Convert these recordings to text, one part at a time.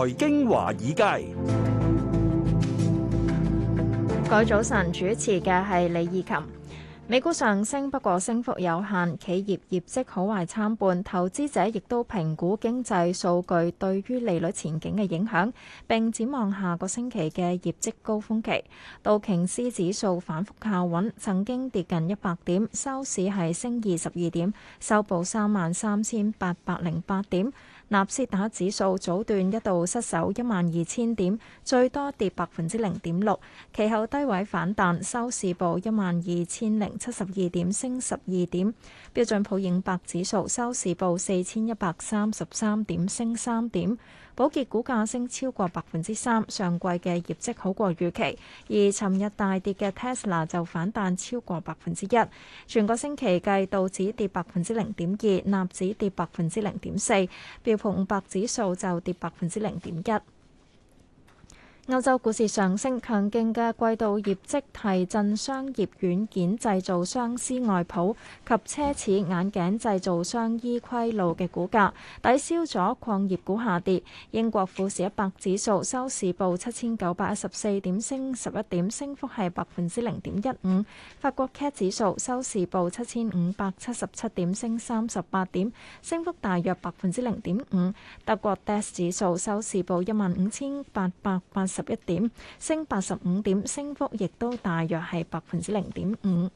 財經華爾街，改早晨主持嘅係李義琴。美股上升，不過升幅有限，企業業績好壞參半，投資者亦都評估經濟數據對於利率前景嘅影響，並展望下個星期嘅業績高峰期。道瓊斯指數反覆靠穩，曾經跌近一百點，收市係升二十二點，收報三萬三千八百零八點。納斯達指數早段一度失守一萬二千點，最多跌百分之零點六，其後低位反彈，收市報一萬二千零。七十二點，升十二點，標準普爾五百指數收市報四千一百三十三點，升三點，寶潔股價升超過百分之三，上季嘅業績好過預期，而尋日大跌嘅 Tesla 就反彈超過百分之一。全個星期計，道指跌百分之零點二，納指跌百分之零點四，標普五百指數就跌百分之零點一。歐洲股市上升，強勁嘅季度業績提振商業軟件製造商思愛普及奢侈眼鏡製造商依規路嘅股價，抵消咗礦業股下跌。英國富時一百指數收市報七千九百一十四點，升十一點，升幅係百分之零點一五。法國 CAC 指數收市報七千五百七十七點，升三十八點，升幅大約百分之零點五。德國 DAX 指數收市報一萬五千八百八。十一點，升八十五點，升幅亦都大約係百分之零點五。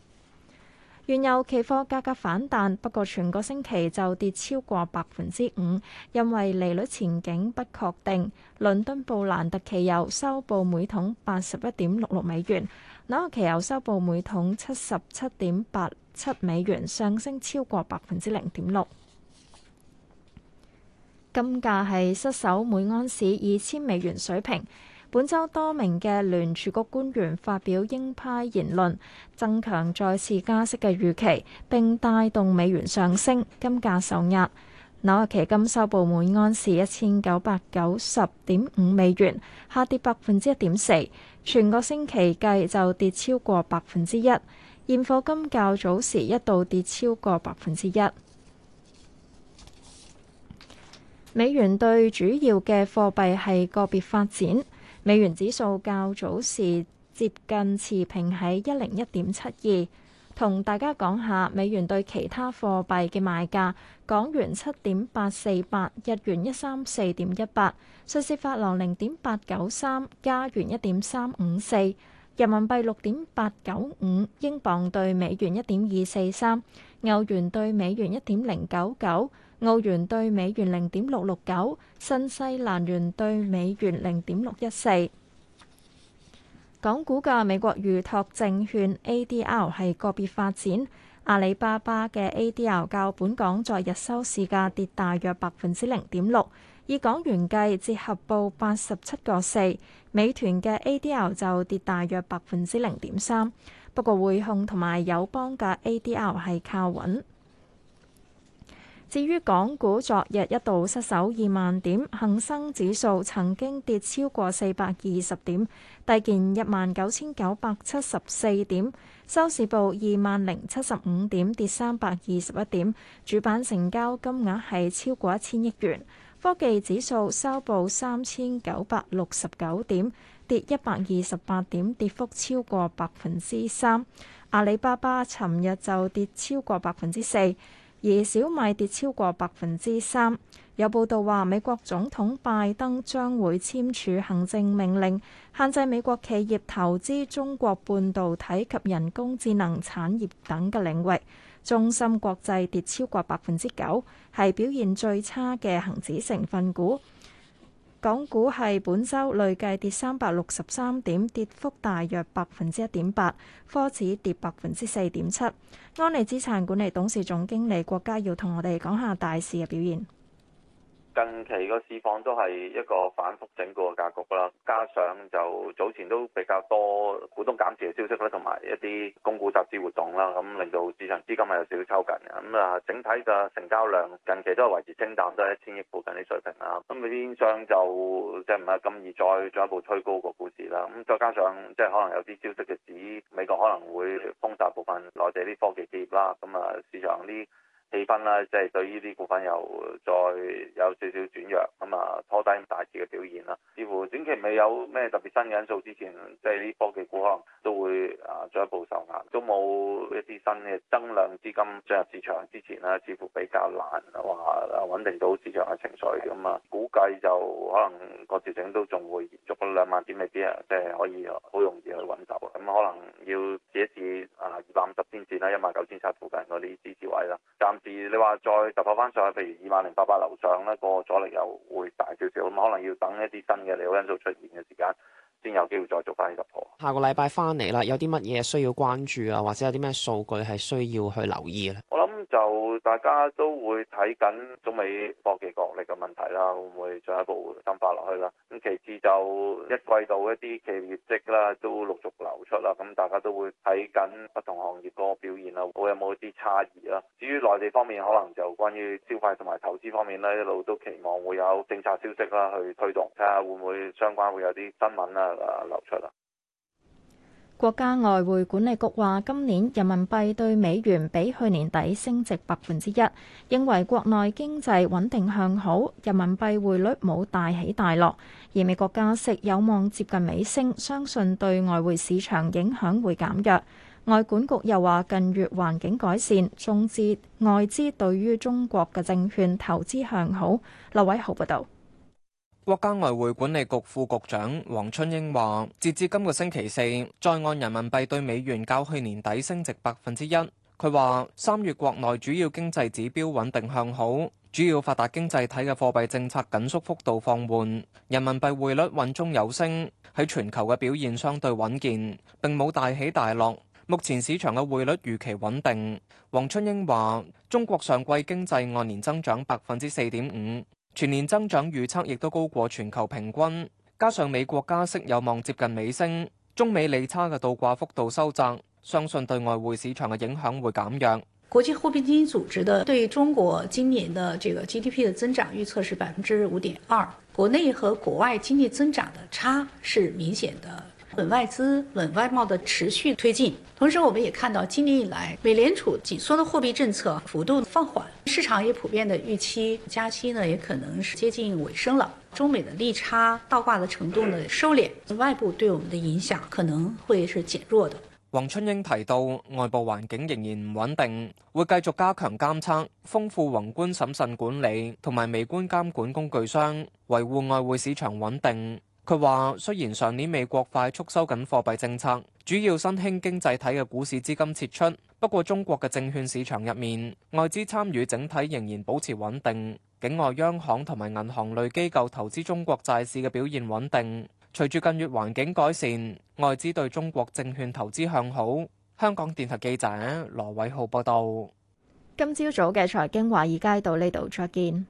原油期貨價格反彈，不過全個星期就跌超過百分之五，因為利率前景不確定。倫敦布蘭特期油收報每桶八十一點六六美元，紐約期油收報每桶七十七點八七美元，上升超過百分之零點六。金價係失守每安士二千美元水平。本周多名嘅聯儲局官員發表鷹派言論，增強再次加息嘅預期，並帶動美元上升，金價受壓。紐約期金收報每安士一千九百九十點五美元，下跌百分之一點四，全個星期計就跌超過百分之一。現貨金較早時一度跌超過百分之一。美元對主要嘅貨幣係個別發展。美元指數較早時接近持平，喺一零一點七二，同大家講下美元對其他貨幣嘅賣價：港元七點八四八，日元一三四點一八，瑞士法郎零點八九三，加元一點三五四。人民幣六點八九五，英鎊對美元一點二四三，歐元對美元一點零九九，澳元對美元零點六六九，新西蘭元對美元零點六一四。港股嘅美國預託證券 ADR 係個別發展，阿里巴巴嘅 ADR 較本港昨日收市價跌大約百分之零點六。以港元計，折合報八十七個四。美團嘅 A D L 就跌大約百分之零點三，不過匯控同埋友邦嘅 A D L 係靠穩。至於港股，昨日一度失守二萬點，恒生指數曾經跌超過四百二十點，低見一萬九千九百七十四點，收市報二萬零七十五點，跌三百二十一點。主板成交金額係超過一千億元。科技指數收報三千九百六十九點，跌一百二十八點，跌幅超過百分之三。阿里巴巴尋日就跌超過百分之四，而小米跌超過百分之三。有報道話，美國總統拜登將會簽署行政命令，限制美國企業投資中國半導體及人工智能產業等嘅領域。中芯國際跌超過百分之九，係表現最差嘅恒指成分股。港股係本周累計跌三百六十三點，跌幅大約百分之一點八。科指跌百分之四點七。安利資產管理董事總經理郭家耀同我哋講下大市嘅表現。近期個市況都係一個反覆整固嘅格局啦，加上就早前都比較多股東減持嘅消息咧，同埋一啲供股集資活動啦，咁、嗯、令到市場資金係有少少抽緊嘅，咁、嗯、啊整體嘅成交量近期都係維持清淡，都係一千億附近啲水平啦。咁、嗯、面相就即係唔係咁易再進一步推高個股市啦，咁、嗯、再加上即係、就是、可能有啲消息嘅指美國可能會封殺部分內地啲科技企業啦，咁、嗯、啊市場啲氣氛啦，即係對呢啲股份又再有少少轉弱，咁啊拖低咁大市嘅表現啦。似乎短期未有咩特別新嘅因素，之前即係啲科技股可能都會啊進一步受壓，都冇一啲新嘅增量資金進入市場之前啦，似乎比較難話啊穩定到市場嘅情緒咁啊。估計就可能個調整都仲會延續，兩萬點未必啊，即係可以好容易去穩走，咁可能要試一試啊二百五十天線啦，一萬九千七。佢就突破翻上去，譬如二萬零八八樓上咧，個阻力又會大少少，咁可能要等一啲新嘅利好因素出現嘅時間，先有機會再做翻呢突破。下個禮拜翻嚟啦，有啲乜嘢需要關注啊？或者有啲咩數據係需要去留意咧？就大家都會睇緊中美科技角力嘅問題啦，會唔會進一步深化落去啦？咁其次就一季度一啲企業業績啦，都陸續流出啦，咁大家都會睇緊不同行業個表現啦，會有冇一啲差異啦？至於內地方面，可能就關於消費同埋投資方面啦，一路都期望會有政策消息啦去推動睇下會唔會相關會有啲新聞啊流出啦。國家外匯管理局話，今年人民幣對美元比去年底升值百分之一，認為國內經濟穩定向好，人民幣匯率冇大起大落，而美國加息有望接近尾聲，相信對外匯市場影響會減弱。外管局又話，近月環境改善，縱致外資對於中國嘅證券投資向好。劉偉豪報道。國家外匯管理局副局長黃春英話，截至今個星期四，在岸人民幣對美元較去年底升值百分之一。佢話，三月國內主要經濟指標穩定向好，主要發達經濟體嘅貨幣政策緊縮幅度放緩，人民幣匯率穩中有升，喺全球嘅表現相對穩健，並冇大起大落。目前市場嘅匯率預期穩定。黃春英話，中國上季經濟按年增長百分之四點五。全年增長預測亦都高過全球平均，加上美國加息有望接近尾聲，中美利差嘅倒掛幅度收窄，相信對外匯市場嘅影響會減弱。國際貨幣基金組織的對中國今年的這個 GDP 嘅增長預測是百分之五點二，國內和國外經濟增長的差是明顯的。穩外資、穩外貿的持續推進，同時我們也看到今年以來，美聯儲緊縮的貨幣政策幅度放緩，市場也普遍的預期加息呢也可能是接近尾聲了。中美的利差倒掛的程度呢收斂，外部對我們的影響可能會是減弱的。黃春英提到，外部環境仍然唔穩定，會繼續加強監測，豐富宏觀審慎管理同埋微觀監管工具箱，維護外匯市場穩定。佢話：雖然上年美國快速收緊貨幣政策，主要新興經濟體嘅股市資金撤出，不過中國嘅證券市場入面，外資參與整體仍然保持穩定。境外央行同埋銀行類機構投資中國債市嘅表現穩定。隨住近月環境改善，外資對中國證券投資向好。香港電台記者羅偉浩報道。今朝早嘅財經華爾街到呢度，再見。